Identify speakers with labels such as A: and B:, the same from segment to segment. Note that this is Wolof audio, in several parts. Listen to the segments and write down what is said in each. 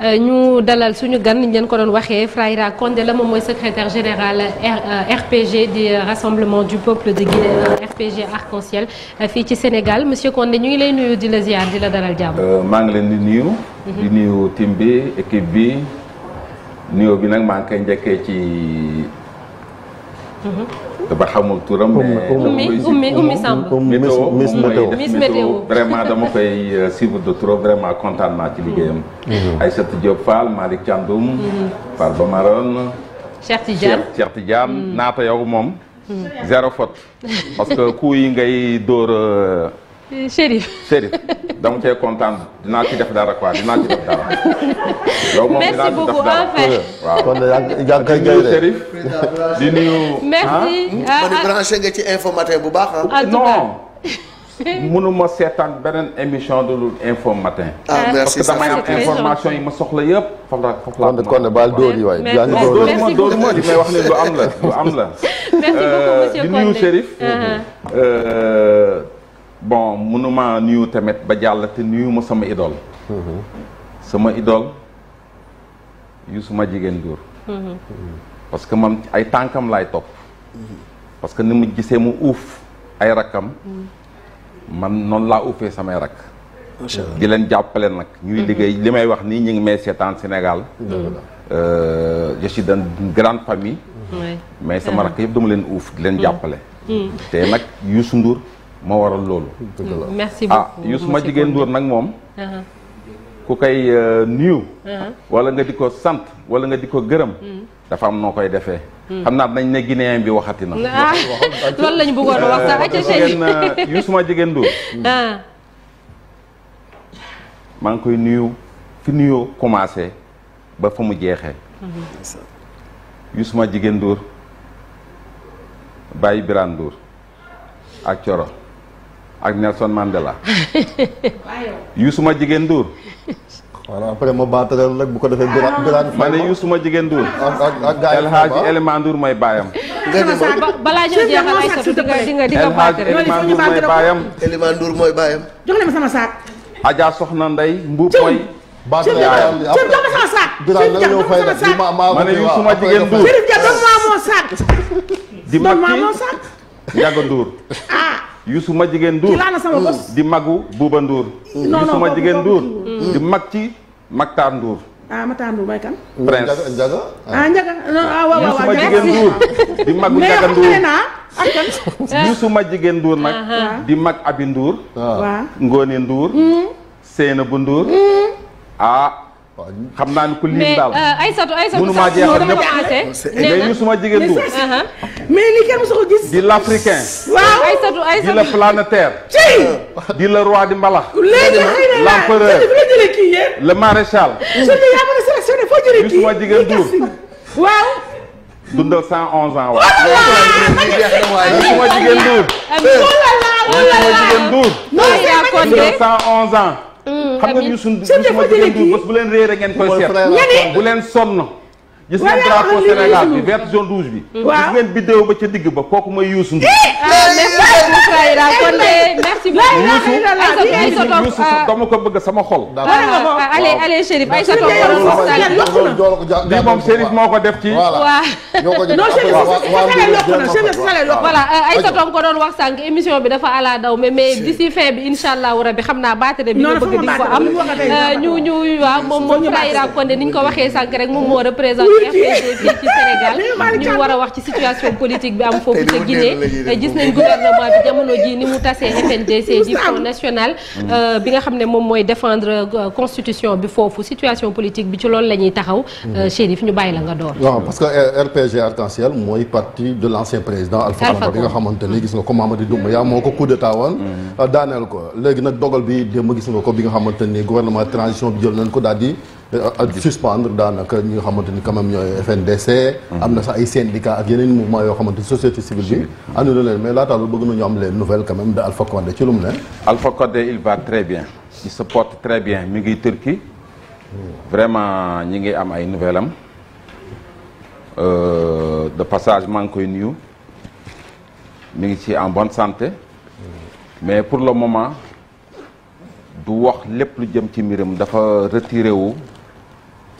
A: Euh, ñu dalal suñu gan ñu leen ko doon waxee Frahira Condé la moom mooy secrétaire général euh, RPG di rassemblement du peuple de Guinée euh, RPG arc fii ci Sénégal monsieur Condé ñu ngi lay nuyu di la ziar di la dalal jàmm.
B: maa ngi leen di nuyu. Mhm. di nuyu team bi équipe bi nuyoo bi nag maa ngi koy njëkkee ci. Mhm. ba xamul turam. mais ummi ummi Samb météo miss météo vraiment dama koy euh, suivre de trop vraiment kontaan naa ci liggéeyam. Mmh. Mmh. Aïssatou Diop Fall Malick Thiandoum. Mmh. Fall Ba Maroon. Cheikh Tidiane Cheikh Tidiane naata yow moom. zéro faute
A: parce que
B: ku yi ngay dóor. Euh,
A: Chérif e,
B: Chérif dama cee kontaan dinaa ci def dara quoi dinaa ci def dara. yow moom dinaa ci def dara waaw kon yaa ngi koy nuyu Chérif di nuyu. merci ah, ah man ah. branché nga ci
C: info matin bu baax
B: ah. non. mënuma seetaan beneen émission de lu info matin. Ah, ah merci parce que damay am information yi ma soxla yëpp. foofu la foofu la kon kon baal dóor yi waaye. merci beaucoup merci dóor ma may wax ne lu am la lu am la.
A: merci beaucoup monsieur Konde euh, di nuyu Chérif.
B: bon mënuma nuyu tamit ba jàll te nuyu ma sama idol mhm. sama idol yu suma jigéen Ndour mhm. parce que moom ay tànkam laay topp parce que ni mu gisee mu uuf ay rakkam mhm. man noonu laa uufee samay rakk di leen jàppale nag ñuy liggéey li may wax nii ñu ngi may seetaan Sénégal euh, je suis dans une grande famille mais sama rakk yëpp dama leen uuf di leen jàppale te nag Youssou Ndour moo waral loolu. dëgg la merci ah, beaucoup ah nag moom. Uh-huh. ku koy uh, nuyu. Uh-huh. walla nga di ko sant wala nga di ko gërëm. Mm. dafa am noo koy defee. Mm. xam naa nañ ne guinéen bi waxati na.
A: Ah, loolu jigéen bëggoon wax sax uh, mm. Ah.
B: ngi koy nuyu fi nuyoo commencé ba fa mu jeexee. Mm-hmm. Youssou jigéen Ndour Baye Birane Ndour ak Coro. ak Nelson Mandela. Youssou ma jigéen Ndour. voilà après ma bu ko defee. biraan ah. ne Youssou ma jigéen Ndour. ak ak mooy baayam. nga ne baayam.
C: jox leen ma sama saak.
B: Adja Soxna Ndey Mbuub mooy. baatale ma ne Youssou ma jigéen Ndour. Chérif Dia doomu maa Youssou ma jigéen Ndour di magu Bouba Ndour Youssou ma jigéen Ndour di ci Mactar Ndour
C: ah, ah. ah, ma jigéen Ndour di magu Njaga Ndour Youssou
B: ma jigéen Ndour nag di mag Abi Ndour waaw Ngóone Ndour hmm. bu Ndour hmm. ah xam naa ni ku lim daal mais euh,
A: Aïssatou Aïssatou mënu maa jeexal ñëpp mais Youssou ma jigéen Ndour
B: mais lii kenn musu ko gis. di l' africain. waaw
A: Aïssatou Aïssatou di le
B: planétaire. ci di le roi di mbalax. léegi xëy na la l'empereur le maréchal. je te yaa mën a sélectionné foo jëlee kii. suma jigéen duur waaw. dundal 111 ans waaw. suma
A: jigéen duur. jigéen duur.
B: dundal ans. Mm, xam nga ñu sunu suma jigéen duur bés bu leen réer ngeen koy seet. bu leen gis ngeen drapeau Sénégal bi vert bi. waaw gis ba ca digg ba kooku mooy Youssou Ndour. ah merci
A: beaucoup euh,
B: dama ko bëgg sama xol. Ah, ah, allez allez Chérif ay sa toog lii moom Chérif moo ko def ci. voilà ñoo ko voilà ay sa
A: toog ko doon wax sànq émission bi dafa ala daw mais mais d'ici fin bi incha allah xam naa baatare bi nga bëgg di ko am. Euh, ñu ñu waaw moom moom Frahira Condé ko waxee sànq rek moom moo représenté RPG fii a wax ci situation bi am foofu ca Guinée gis nañ gouvernement bi jamono ji ni mu tasee FNDC xam ne moom mooy défendre constitution bi foofu situation politique bi ci loolu la ñuy taxaw Chérif ñu bàyyi la nga door waaw parce
C: que RPG parti de l'ancien président Alpha bi nga xamante ni gis nga ko Mamadi Doumbouya moo ko coup d'état woon daaneel ko léegi nag dogal bi démb gis nga ko bi nga xamante ni gouvernement transition bi jël nañ ko daal di Euh, euh, suspendre daanaka ñi nga xamante ni quand même ñooy FNDC. Mm-hmm. am na sax ay syndicat ak yeneen mouvement yoo xamante ni société civile bi. Mm-hmm. annulé leen mais laata lu bëgg nañu am les nouvelles quand même de Alpha Condé ci lu mu ne.
B: Alpha Condé il va très bien. il se très bien mi ngi Turquie. vraiment ñu ngi am ay nouvelles am. Euh, de passage maa ngi koy nuyu. mu ngi ci en bonne santé. Mm-hmm. mais pour le moment du wax lépp lu jëm ci mbiram dafa retiré wu.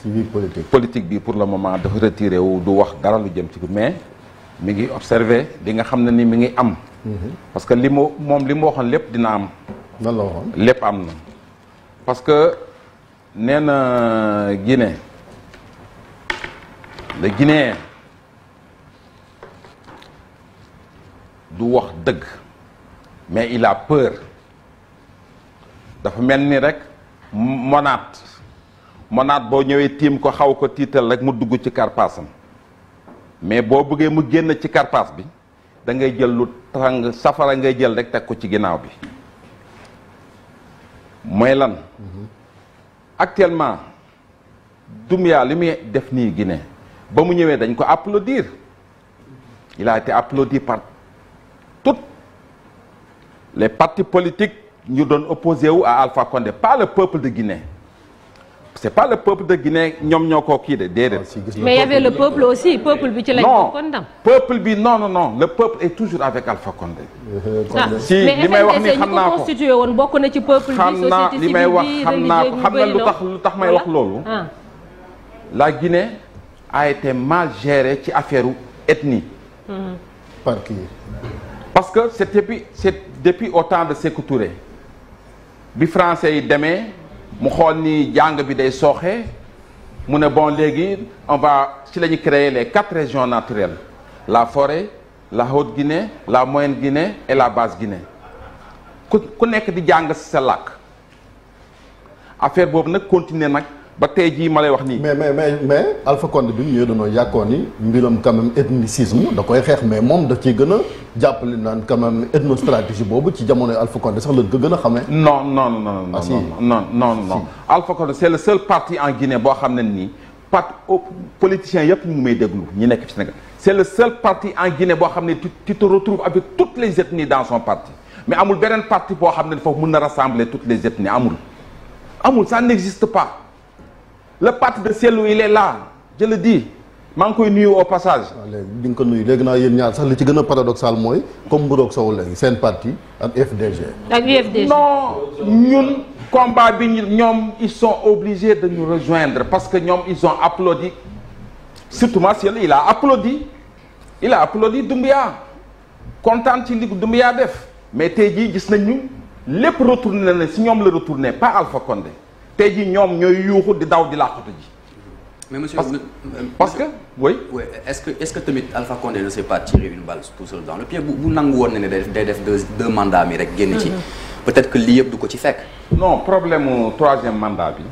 B: ci biir politique politique bi pour le moment dafa retiré wu du wax dara lu jëm ci mais mi ngi observé li nga xam ne ni mi ngi am. Mhm. parce que li mu moom li mu waxoon lépp dina am. lan lépp am na. parce que nee na Guinée le Guinéen du wax dëgg mais il la peur dafa mel ni rek monaat. monaat boo ñëwee tiim ko xaw ko tiital rek mu dugg ci karpaasam mais boo bëggee mu génn ci karpaas bi da ngay jël lu tàng safara ngay jël rek teg ko ci ginnaaw bi mooy lan mhm. actuellement Doumbouya li muy def nii Guinée ba mu ñëwee dañ ko applaudir il a été applaudi par toutes les partis ñu doon opposé wu à Alpha Condé pas le peuple de Guinée c'est pas le peuple de Guinée ñoom ñoo koo kii de déedéet. mais le
A: peuple aussi peuple bi ci lañ bokkoon
B: peuple bi non non non le peuple est toujours avec Alpha Condé. Euh, ah, si li may wax ni xam
A: woon bokk na ci peuple bi. li may wax xam naa lu tax lu may wax loolu. Ah.
B: la Guinée a été mal gérée ci affaire ethnie. Mm-hmm. parce que c'est depuis c'est temps de Sékou Touré bi français yi demee. mu xool ni jàng bi day sooxe mu ne bon léegi on va ci lañuy ñu créer les quatre régions naturelles la forêt la Haute-Guinée la Moyenne-Guinée et la base guinée ku ku nekk di jàng si sa làkk affaire boobu nag continuer nag ba tey jii ma lay wax nii. mais mais mais
C: mais Alpha Condé bi ñu dañoo yàkkoon ni mbiram quand même ethnicisme da koy xeex mais moom da ciy gën a jàppale naan quand même ethnostratégie boobu ci jamonoy Alpha Condé sax la ko gën a xamee. non non
B: non non ah, non non non non Alpha Condé c'est le seul parti en Guinée boo xam ne nii parti politiciens yëpp ñu ngi may déglu ñu nekk ci Sénégal c'est le seul parti en Guinée boo xam ne tu te retrouves avec toutes les ethnies dans son parti mais amul beneen parti boo xam ne foofu mën na rassembler toutes les ethnies amul amul ça n'existe pas. le parti de Cellou il est la je le maa ngi koy nuyu au passage.
C: waaw di nga ko nuyu léegi naa yéen ñaar sax li ci gën a
B: paradoxal mooy comme Mburoog Sow léegi seen parti ak FDG. ak UFDG non ñun combat bi ñoom ils sont obligés de nous rejoindre parce que ñoom ils ont applaudi surtout Cellou il a applaudi il a applaudi Doumbia kontaan ci li Doumbia def mais tey jii gis nañu lépp retourné na si ñoom la retourné pas Alpha Condé. tey ji ñoom ñooy yuuxu di daw di làqatu ji. mais monsieur parce, parce que oui. oui est-ce que est-ce que tamit Alpha Condé ne s'est pas tiré tout seul le pied bu bu nangu woon day def deux deux mandats mi rek génn ci. Mm-hmm. peut-être que lii yëpp du ko ci fekk. non problème mu mandat bi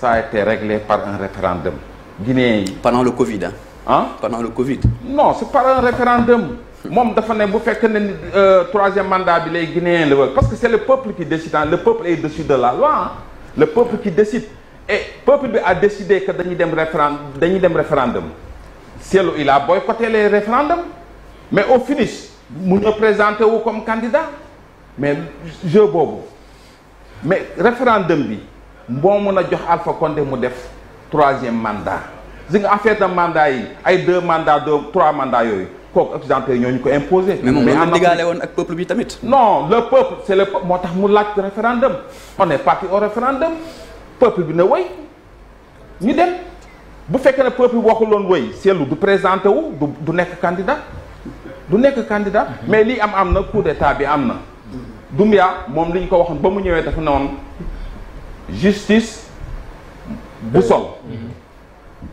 B: sa a été réglé par un référendum. Guinée yi. pendant le Covid ah. ah pendant le Covid. non c'est par un référendum. moom dafa ne bu fekk ne euh, troisième mandat bi lay Guinéen la parce que c'est le peuple qui décide et peuple bi a décidé que dañuy dem référendum dañuy dem référendum Cellou il booy boycotté les référendums mais au finish mu ñëw présenté wu comme candidat mais jeu boobu mais référendum bi moo mun a jox Alpha Condé mu def troisième mandat si nga affaire de mandat yi ay deux mandats deux trois mandats yooyu kooku occidentaux yi ñoo ñu ko imposé. mais moom la digaale woon ak peuple bi tamit. non le peuple c' est le peuple moo tax mu laaj référendum on est parti au référendum peuple bi na wëy ñu dem bu fekkee ne peuple waxul woon wëy seetlu du présenté wu du du nekk candidat du nekk candidat. mais lii am am na coup d' état bi am na. Doumbia moom li ñu ko waxoon ba mu ñëwee dafa ne woon justice bu sol.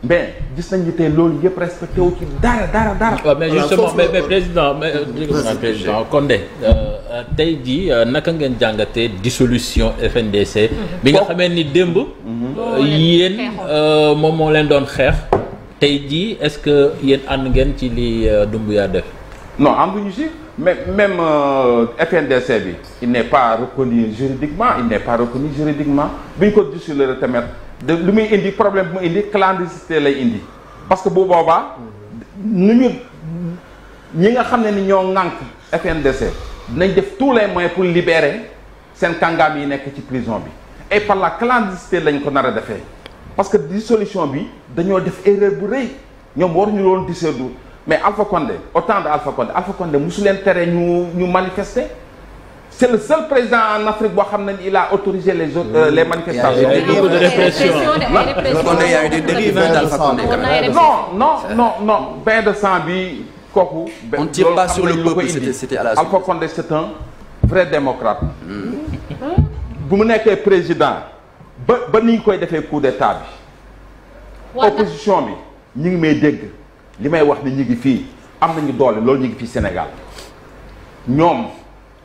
B: mais gis nañ ni tey loolu yëpp respecté wu ci dara dara dara. waaw mais ah, justement mais mais président mais. président Condé. Euh, euh, tey jii euh, naka ngeen jàngatee dissolution FNDC. bi nga oh. xamee ni démb. Mhm. yéen oh, moom moo leen doon xeex. tey jii est-ce que yéen ànd ngeen ci li Doumbouya def. non ànduñu si mais même FNDC bi. il n'est pas reconnu juridiquement il n'est pas reconnu juridiquement bi ñu ko dissoudre tamit. de lu muy indi problème bu mu indi clandestinité lay indi parce que bu boobaa ñu ñi nga xam ne ni ñoo ŋànk FNDC dinañ def tout les moyens pour libérer seen kàngaam yi nekk ci prison bi et par la clandestinité lañ ko nar a defee parce que solution bi dañoo def erreur bu rëy ñoom waruñu loon dissoudre mais Alpha Condé au temps de Alpha Condé Alpha Condé mosu leen tere ñu ñu manifester c'est le seul président en Afrique boo xam ne il a autorisé les autres, euh, les manifestations. Il y a eu beaucoup de de sang bi kooku. On ne tire pas sur le peuple, c'était c'était à la Alpha Condé c'est bu mu nekkee président ba ba ni ñu koy defee coup d'état bi. opposition bi ñu ngi may dégg li may wax ni ñu ngi fii am ñu doole loolu ñu ngi fii Sénégal ñoom.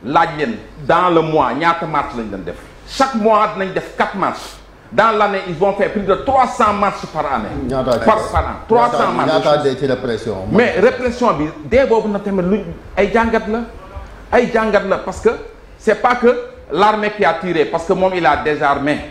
B: laaj leen dans le mois ñaata marche lañ leen def chaque mois nañu def quatre marches dans l' année ils vont faire plus de trois cent marches par année. par par an trois
C: cent mais
B: répression bi dee boobu na tamit luñ ay jàngat la ay jàngat la parce que c' est pas que l' armée qui a tiré parce que moom il a désarmé.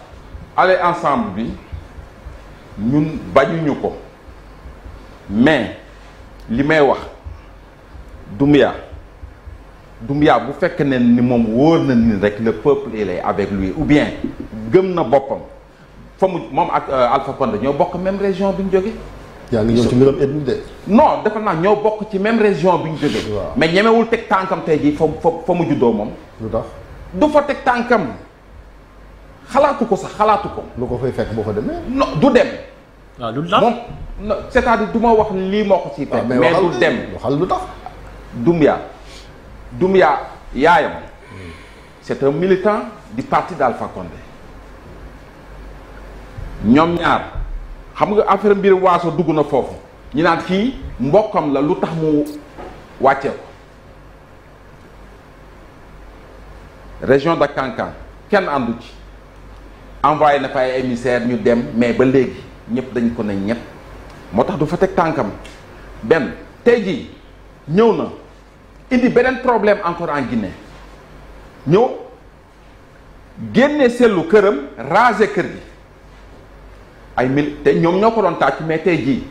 B: aller ensemble bi ñun bañuñu ko mais li may wax Doumbouya Doumbouya bu fekk ne ni moom wóor na ni rek le peuple il est avec lui ou bien gëm na boppam fa mu moom ak euh, Alpha Condé ñoo bokk même région bi ñu jóge yaa ngi ñëw ci mbiram ethnie de. non dafa naa ñoo bokk ci même région bi ñu jóge mais ñemewul teg tànkam tey jii fa fa fa mu juddoo moom. lu tax du fa teg tànkam. xalaatu ko sax xalaatu ko. lu ko fay fekk boo ko demee. non du dem. waaw ah, lu tax moom c'est-à-dire wax lii moo ko ciy fekk. Ah, mais du dem waxal lu tax. Doumbia Doumbia yaayam c'est un militant di parti daal Condé ñoom ñaar xam nga affaire mbir waaso dugg na foofu ñinaat fii mbokkam la lu tax mu wàccee ko région de Kankan kenn àndu ci. envoyé na fa ay émissaire ñu dem mais ba léegi ñëpp dañ ko ne ñett moo tax du fa teg tànkam benn tey jii ñëw na indi beneen problème encore en Guinée ñëw génne selu këram raser kër gi ay mil te ñoom ñoo ko doon tàcc mais tey jii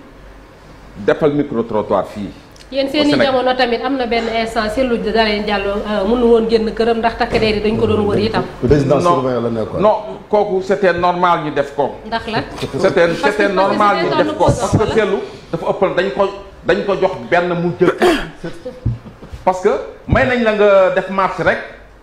B: defal micro trottoir fii
A: yéen seen i jamono tamit am na benn instant Cellou Dalein Diallo euh, mënu woon génn këram ndax takk der yi dañ ko doon wër itam.
B: résidence surveillée la nekkoon kooku c' était normal ñu def ko.
A: ndax la c' était c' était normal def ko parce que Cellou
B: dafa ëppal dañ ko dañ ko jox benn mu jël. parce que may nañ la nga def marché rek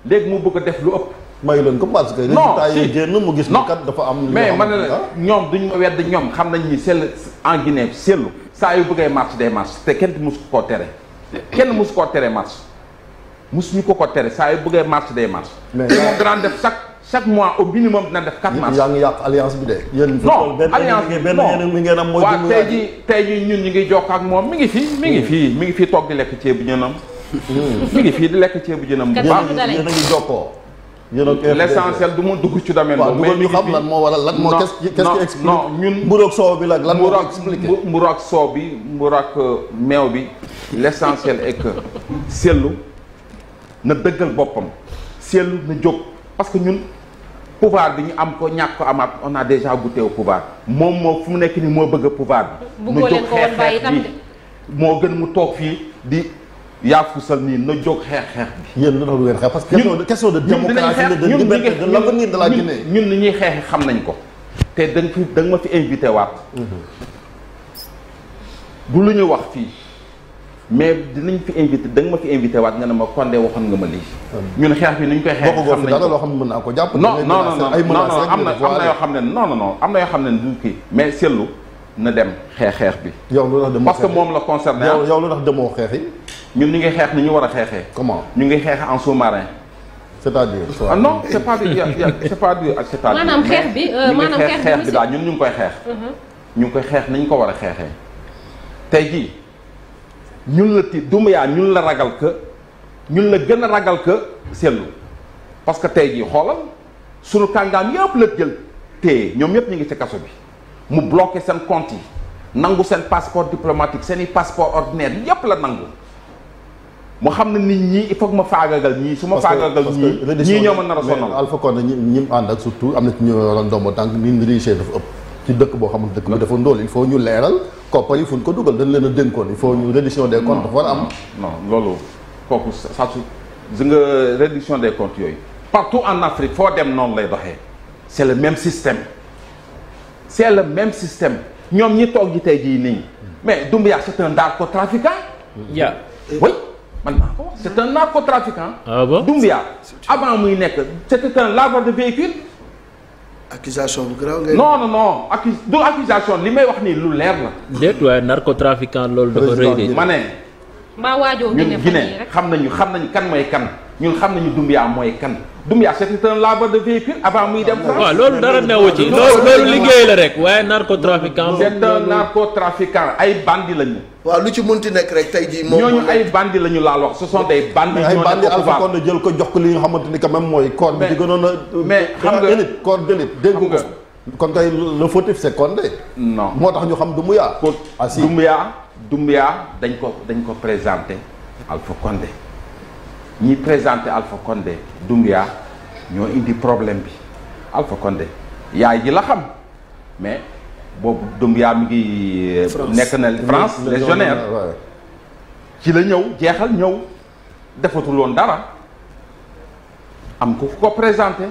B: léegi mu bëgg a def lu ëpp. may leen ko parce que. non si génn mu gis. kat dafa am. mais man la ñoom duñ ma wedd ñoom xam nañ ni Cellou en Guinée Cellou. saa yu bëggee marche day marche te kenn mus koo tere kenn ko koo tere marche mus ñu ko ko tere saa yu bëggee marche day marche. mais moom daan def chaque mois au minimum dina def quatre marches. yaa
C: ngi yàq alliance bi de. yéen non alliance bi non mi ngeen am tey jii
B: tey ñun ñu ngi jokk ak moom mi ngi fii mi ngi fii mi ngi fii toog di lekk ceebu jënam. Hmm. mi ngi fii di lekk ceebu jënam bu baax na a ngi jokkoo. yéen ak l' essentiel du mu dugg ci domaine boobu. mais ñu xam lan moo waral lan moo. qu'est-ce qui non ñun mburu ak soow bi lan moo ko expliqué mburu ak soow bi mburu euh, ak meew bi l' essentiel est que na dëggal boppam seetlu na jóg parce que ñun pouvoir bi ñu am ko ñàkk ko amaat on a déjà goûté au moom moo fu mu nekk nii moo bëgg pouvoir bi. mu jóg xeex xeex moo gën mu toog fii di. yàpp fusal nii na
C: jóg xeex xeex bi. yéen lu tax que. question de
B: ñun ni ñuy xeexi xam nañ ko. te da nga fi da nga ma fi invité waat. bu mhm. lu ñu wax fii. mais dinañ fi invité da nga ma fi invité waat nga ne ma Condé waxoon nga ma lii. Mhm. ñun xeex bi ni ñu koy xeex. xam nañ ko loo xam ne mën naa ko jàpp. am na am na yoo xam ne non non non am na yoo xam ne du fi mais seetlu na dem xeex xeex bi. yow
C: lu tax parce que moom
B: la concerné ah. yow lu tax demoo xeex yi ñun ñu ngi xeex ni ñu war a xeexee. comment ñu ngi xeex en sous-marin. c'est-à-dire. Ah non c'est pas du c'est maanaam xeex
A: bi euh, maanaam xeex bi xeex bi daal
B: ñun ñu ngi koy xeex. Mhm. ñu ngi koy xeex nañu ko war a xeexee. tey jii ñun la ti Dumbuya ñun la ragal que ñun la gën a ragal que Cellou parce que tey jii xoolal sunu kàngaam yëpp la jël te ñoom ñëpp ñu ngi ci kaso bi mu bloqué seen compte yi nangu seen passeport diplomatique seen i passeport ordinaire yëpp la nangu. mu xam ne nit ñi il faut ma faagagal ñii su ma faagagal ñii ñii ñoo ma nar a sonal
C: Alpha Condé ñi ñi mu ànd ak surtout am na ci ñu yoroon ndombo tànk ni riche dafa ëpp ci dëkk boo xamante dëkk bi dafa ndóol il faut ñu leeral
B: koppar yi fu ñu ko dañ leen a dénkoon il faut ñu reddition des comptes dafa war a am non loolu kooku saa su si nga reddition des comptes yooyu partout en Afrique foo dem noonu lay doxee c'est le même système c'est le même système ñoom ñi toog ji tey jii nii mais Doumbouya c'est un narcotrafiquant ya oui man maa ko wax c'est un narcotrafiquant. ah bon Doumbia avant nekk c'était un laveur de véhicule. non non non accus accusation li may wax ni lu leer la. déet waaye narcotrafiquant loolu dafa de. ma ne.
A: mbaa waajoo ñun ne xam
B: nañu xam nañu kan mooy kan ñun xam nañu Doumbouya mooy kan Doumbouya c'est un laveur de véhicule avant muy dem France waaw loolu dara newu ci loolu liggéey la rek waaye narcotrafiquant c'est un narcotrafiquant ay bandi lañu waaw lu ci mun ti nekk rek tey jii moom ñooñu ay bandi lañu laal wax ce sont des bandits ay bandi Alpha
C: Condé jël ko jox ko li nga xamante ni quand même mooy corps bi di gënoon a mais xam nga élite corps d'élite dégg nga kon tey le fautif c'est Condé non moo tax ñu xam Doumbouya
B: ah, Doumbouya Doumbia dañ ko dañ ko présenté Alpha Condé ñi présenté Alpha Condé Doumbia ñoo indi problème bi Alpha Condé yaay ji la xam mais boobu Doumbia mi ngi euh, nekk na France légionnaire ci la ñëw jeexal ñëw defatul woon dara am ku ko présenté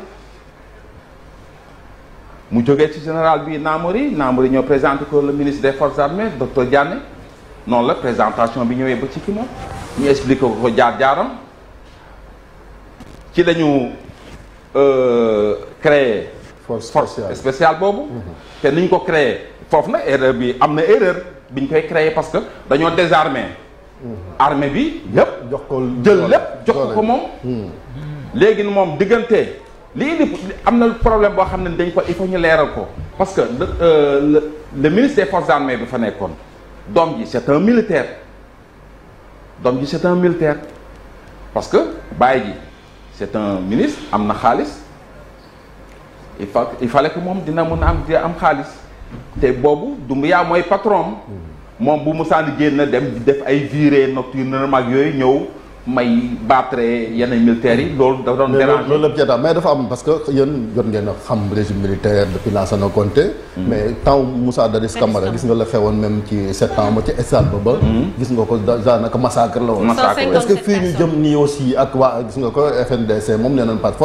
B: mu jógee ci général bi Namori Namori ñoo présente ko le ministre des forces armées docteur Diané noonu la présentation bi ñëwee ba ci fi moom ñu expliqué ko jaar-jaaram ci lañu euh, créer force spéciale boobu mm-hmm. te ni ñu ko créer foofu na erreur bi am na erreur bi ñu koy créer parce que dañoo désarmer mm-hmm. armée bi yëpp jox ko jël lépp jox ko moom mm-hmm. léegi moom diggante li indi am na problème boo xam ne dañ ko il faut ñu leeral ko parce que le euh, le ministre des forces armées bi fa nekkoon doom ji c'est un militaire doom ji c'est un militaire parce que baay ji c'est un ministre am na xaalis il fa il fallait que moom dina mën a am dina am xaalis te boobu yaa mooy patron hmm. moom bu musaani génn dem def ay virée nocturne ak yooyu ñëw may battre yeneen militaires yi loolu dafa doon déranger loolu
C: lépp jeex mais dafa am parce que yéen jot ngeen a xam régime militaire depuis Lansana Conté hmm. mais temps Moussa Dadis gis nga la xewoon même ci septembre ci stade ba ba hmm. gis nga ko daanaka massacre la woon est-ce que fii ñu jëm nii aussi ak waa gis nga ko FNDC moom nee nañ par que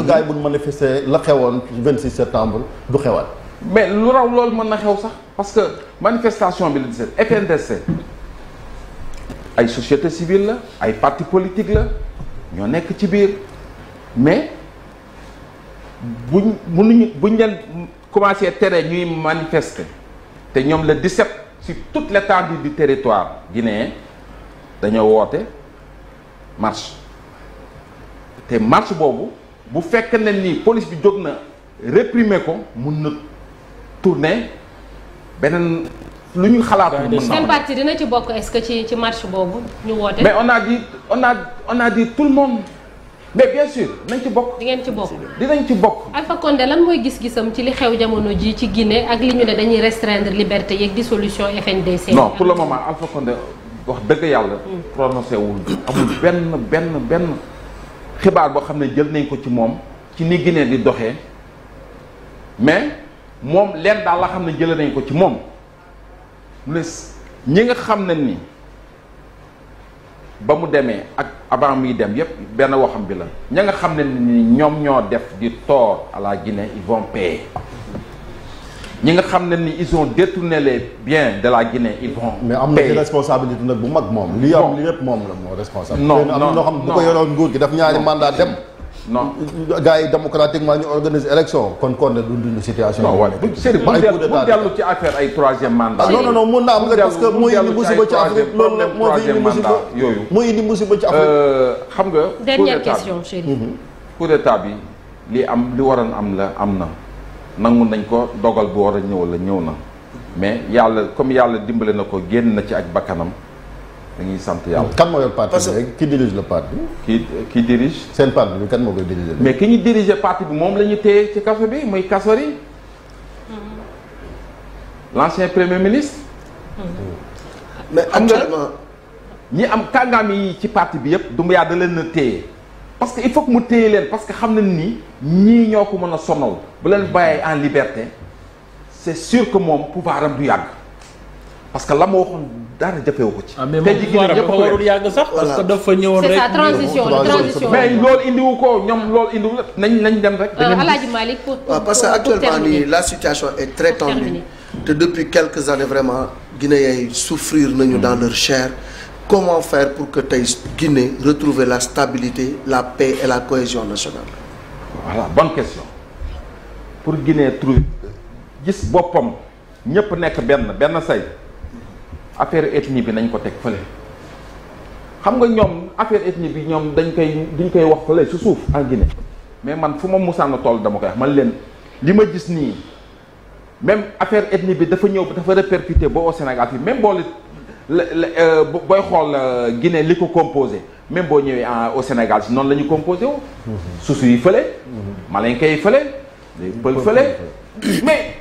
C: gars
B: yi la xewoon septembre du xewaat mais lu raw loolu mën na xew sax parce que manifestation bi le ay société civile la ay parti politique la ñoo nekk ci biir mais buñ mënuñu buñ leen commencé tere ñuy manifester te ñoom set ci tout le l'étendue di territoire guinéen dañoo woote marche te marche boobu bu fekk ne ni police bi jóg na réprimer ko mun na tourner beneen lu ñu xalaat mën seen
A: parti dina ci bokk est-ce que ci ci marche boobu ñu woote. mais on
B: a dit on on a dit tout le monde mais nañ ci bokk. di ngeen ci bokk dinañ ci bokk.
A: Alpha Condé lan mooy gis-gisam ci li xew jamono ji ci Guinée ak li ñu ne dañuy restreindre liberté yeeg dissolution FNDC. non pour le moment
B: Alpha Condé wax dëgg yàlla. prononcé wul amul benn benn benn xibaar boo xam ne jël nañ ko ci moom ci ni Guinée di doxee mais moom leen daal la xam ne jëlee nañ ko ci moom. mu ñi nga xam na ni ba mu demee ak avant muy dem yépp benn waxam bi la ña nga xam ne ni ñoom ñoo def di tort à la Guinée ils vont payer ñi nga xam ne ni ils ont détourné les biens de la Guinée ils vont mais am na ci
C: responsabilité nag bu mag moom li am li yépp moom la moo
B: responsable non non non xam bu ko yoroon nguur gi daf ñaari mandat dem non
C: gars yi démocratiquement ñu organise élection kon kon ne duñ dund situation. non wala Serigne bu
B: dellu ci affaire ay troisième mandat. Ah, non non non mun na am nga parce que mooy indi musiba ci Afrique yooyu. mooy indi musiba ci Afrique. xam nga. dernière question Serigne. Mhm. coup bi li am li waroon am la am na nangu nañ ko dogal bu war a ñëw la ñëw na mais yàlla comme yàlla dimbale na ko génn na ci ak bakkanam. dañuy sant yàlla. kan moo yor
C: parti bi rek ki dirige le parti.
B: ki ki dirige. seen parti bi kan moo koy diriger. mais ki ñu diriger parti bi moom la ñu téye ci kaso bi muy Kassory. Mm-hmm. l' ancien premier ministre.
A: Mm-hmm.
B: mais actuellement ñi am kàngaam yi ci parti bi yëpp du yaa da leen na téye parce que il faut mu téye leen parce que xam nañ ni ñii ñoo ko mën a sonal bu leen bàyyee en liberté c' est sûr que moom pouvoir du yàgg. parce que la ma waxoon dara jafewu ko ci. Ah, tey jii Guinée ñëpp ko yàgg sax. parce que dafa ñëw rek. c'est transition la transition mais loolu indiwu ko ñoom loolu indiwu nañ nañ dem rek. Euh, Alaaji
A: Malick pour pour parce que actuellement nii
B: la situation est très te depuis
C: quelques années vraiment Guinéens yi souffrir nañu dans leur chair. comment pour que tey Guinée retrouver la stabilité la paix et la cohésion nationale.
B: voilà bonne question pour Guinée trouve gis boppam ñëpp nekk benn benn say. affaire ethnie bi nañ ko teg fële xam nga ñoom affaire ethnie bi ñoom dañ koy duñ koy wax fële su suuf ak Guinée mais man fu ma musaan tool dama koy wax man leen li ma gis nii même affaire ethnie bi dafa ñëw dafa répercuté ba au Sénégal fii même boo la euh, booy xool euh, Guinée li ko composé mais boo ñëwee au Sénégal si noonu la ñu composé wu. Mhm. susu yi fële. Mhm. malinké yi fële. pël fële mais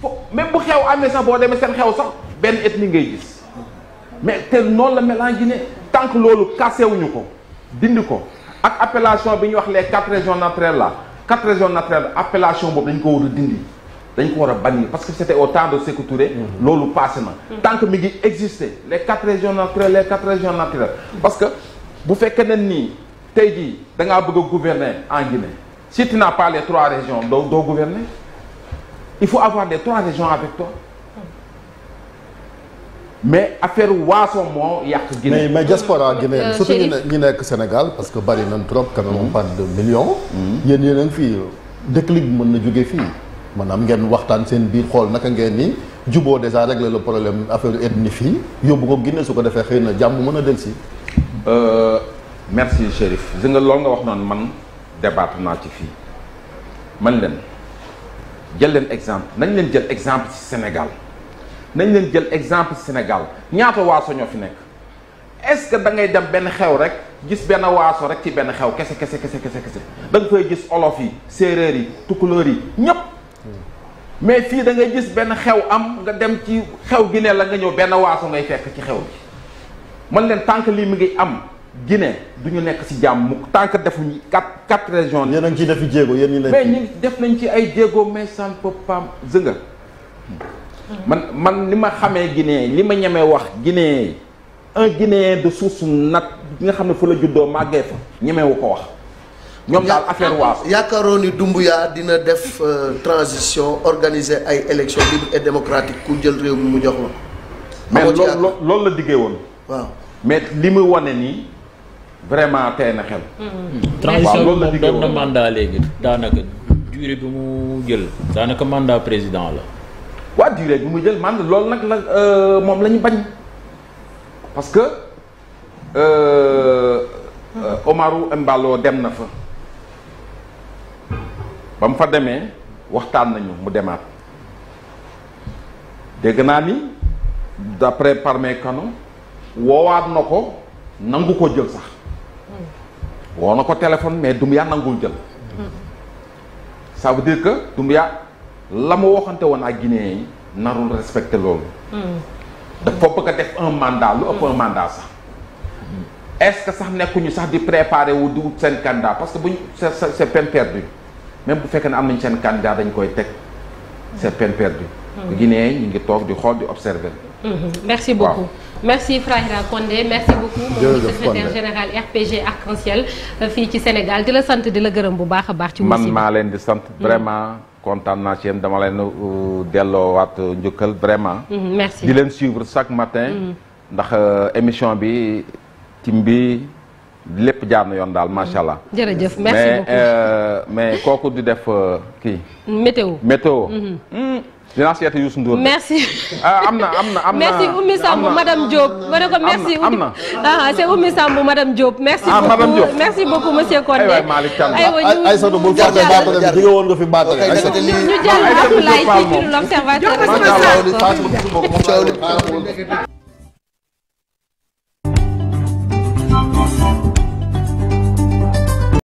B: fo même bu xew amee sax boo demee seen xew sax benn ethnie ngay gis. mais te noonu la mel en Guinée tant que loolu kasewuñu ko dindi ko ak appellation bi ñu wax les quatre régions naturelles là quatre régions naturelles appellation boobu dañ ko war dindi dañ ko war a bannir parce que c'était au temps de Sékou Touré mhm. loolu passé na mhm. tant que mi ngi exister les quatre régions naturelles les quatre régions naturelles parce que bu fekkee ne nii tey jii da ngaa bëgg a gouverner en Guinée si tu n'as pas les trois régions doo doo gouverner il faut avoir les trois régions avec toi mais affaire waaso moo yàq Guinée. mais mais diaspora euh, Guinée euh, surtout
C: nekk Sénégal parce que bari na trop quand même on parle de millions. Mm-hmm. yéen yéen a fii déclic bi mën na jóge fii maanaam ngeen waxtaan seen biir xool naka ngeen ni juboo déjà régler la problème affaire ethnie fii yóbbu ko Guinée su ko defee xëy na jàmm mën a dellusi.
B: Euh, merci Chérif si nga loolu nga wax noonu man débattre naa ci fii man leen jël leen exemple nañ leen jël exemple ci Sénégal. nañ leen jël exemple Sénégal ñaata waaso ñoo fi nekk est-ce que da ngay dem benn xew rek gis benn waaso rek ci benn xew kese kese kese kese kese da nga koy gis olof yi séeréer yi tukulóor yi ñëpp mais fii da ngay gis benn xew am nga dem ci xew Guinée la nga ñëw benn waaso ngay fekk ci xew bi man leen tant que lii mi ngi am Guinée du ñu nekk ci jàmm mu tànk que defuñu quatre quatre régions. yéen a ciy def jéego yéen ñi mais ñu def nañ ci ay jéego mais ça ne peut man man li ma xamee Guinée li ma ñemee wax Guinée un Guinéen de source nat bi nga xam ne fu la juddoo màggee fa ñemewu ko wax ñoom daal affaire waaw yaakaaroon
C: ni yaa dina def euh, transition organiser ay élections libres et ku jël
B: réew mi mu jox la mais loolu la diggee woon waaw mais li mu wane nii vraiment tey na xel
C: mm-hmm. transition bi moom doon na
B: mandat léegi daanaka durée bi mu jël daanaka mandat président la waa durée bi mu jël maanaam loolu nag la euh, moom lañu bañ parce que euh, Omarou Embalo dem na fa ba mu fa demee waxtaan nañu mu demaat dégg naa ni d'après par mes canaux woowaat na ko nangu ko jël sax
A: hmm.
B: woo na ko téléphone mais Doumbouya nanguwul jël hmm. ça dire que Doumbouya la ma waxante woon ak guinéen yi narul respecté loolu hmm. dafa bëgg a def un mandat lu ëpp un hmm. mandat sax est-ce que sax nekkuñu sax di préparer wu di wut seen candidat parce que bu c'est c'est peine perdue même bu fekkee ne am nañ seen candidat dañ koy teg c'est peine perdue hmm. guinéen yi ñu ngi toog di xool di observer merci beaucoup
A: merci Frahira Condé merci beaucoup moom secrétaire général RPG arc euh, fii ci Sénégal di la sant di la gërëm bu baax a baax ci man
B: maa kontaan naa ci yéen dama leen euh, delloowaat njukkal vraiment.
A: Mm-hmm, merci di leen
B: suivre chaque matin. Mm-hmm. ndax euh, émission bi tim bi lépp jaan na yoon daal macha allah. Mm-hmm.
A: jërëjëf merci beaucoup mais
B: euh, mais kooku di def kii.
A: météo météo. Mm.
B: dinaa seeti Youssou Ndour. merci ah am na am na am na merci Oumy Samb madame
A: Diop. ma ne ko merci am na ah c'est Oumy Samb madame Diop. merci beaucoup merci beaucoup monsieur Konde. aywa Malick Thiam
C: Aïssatou bul fàtte Batale bi woon nga fi Batale. Aïssatou ñu jël Ablaye ci l'observateur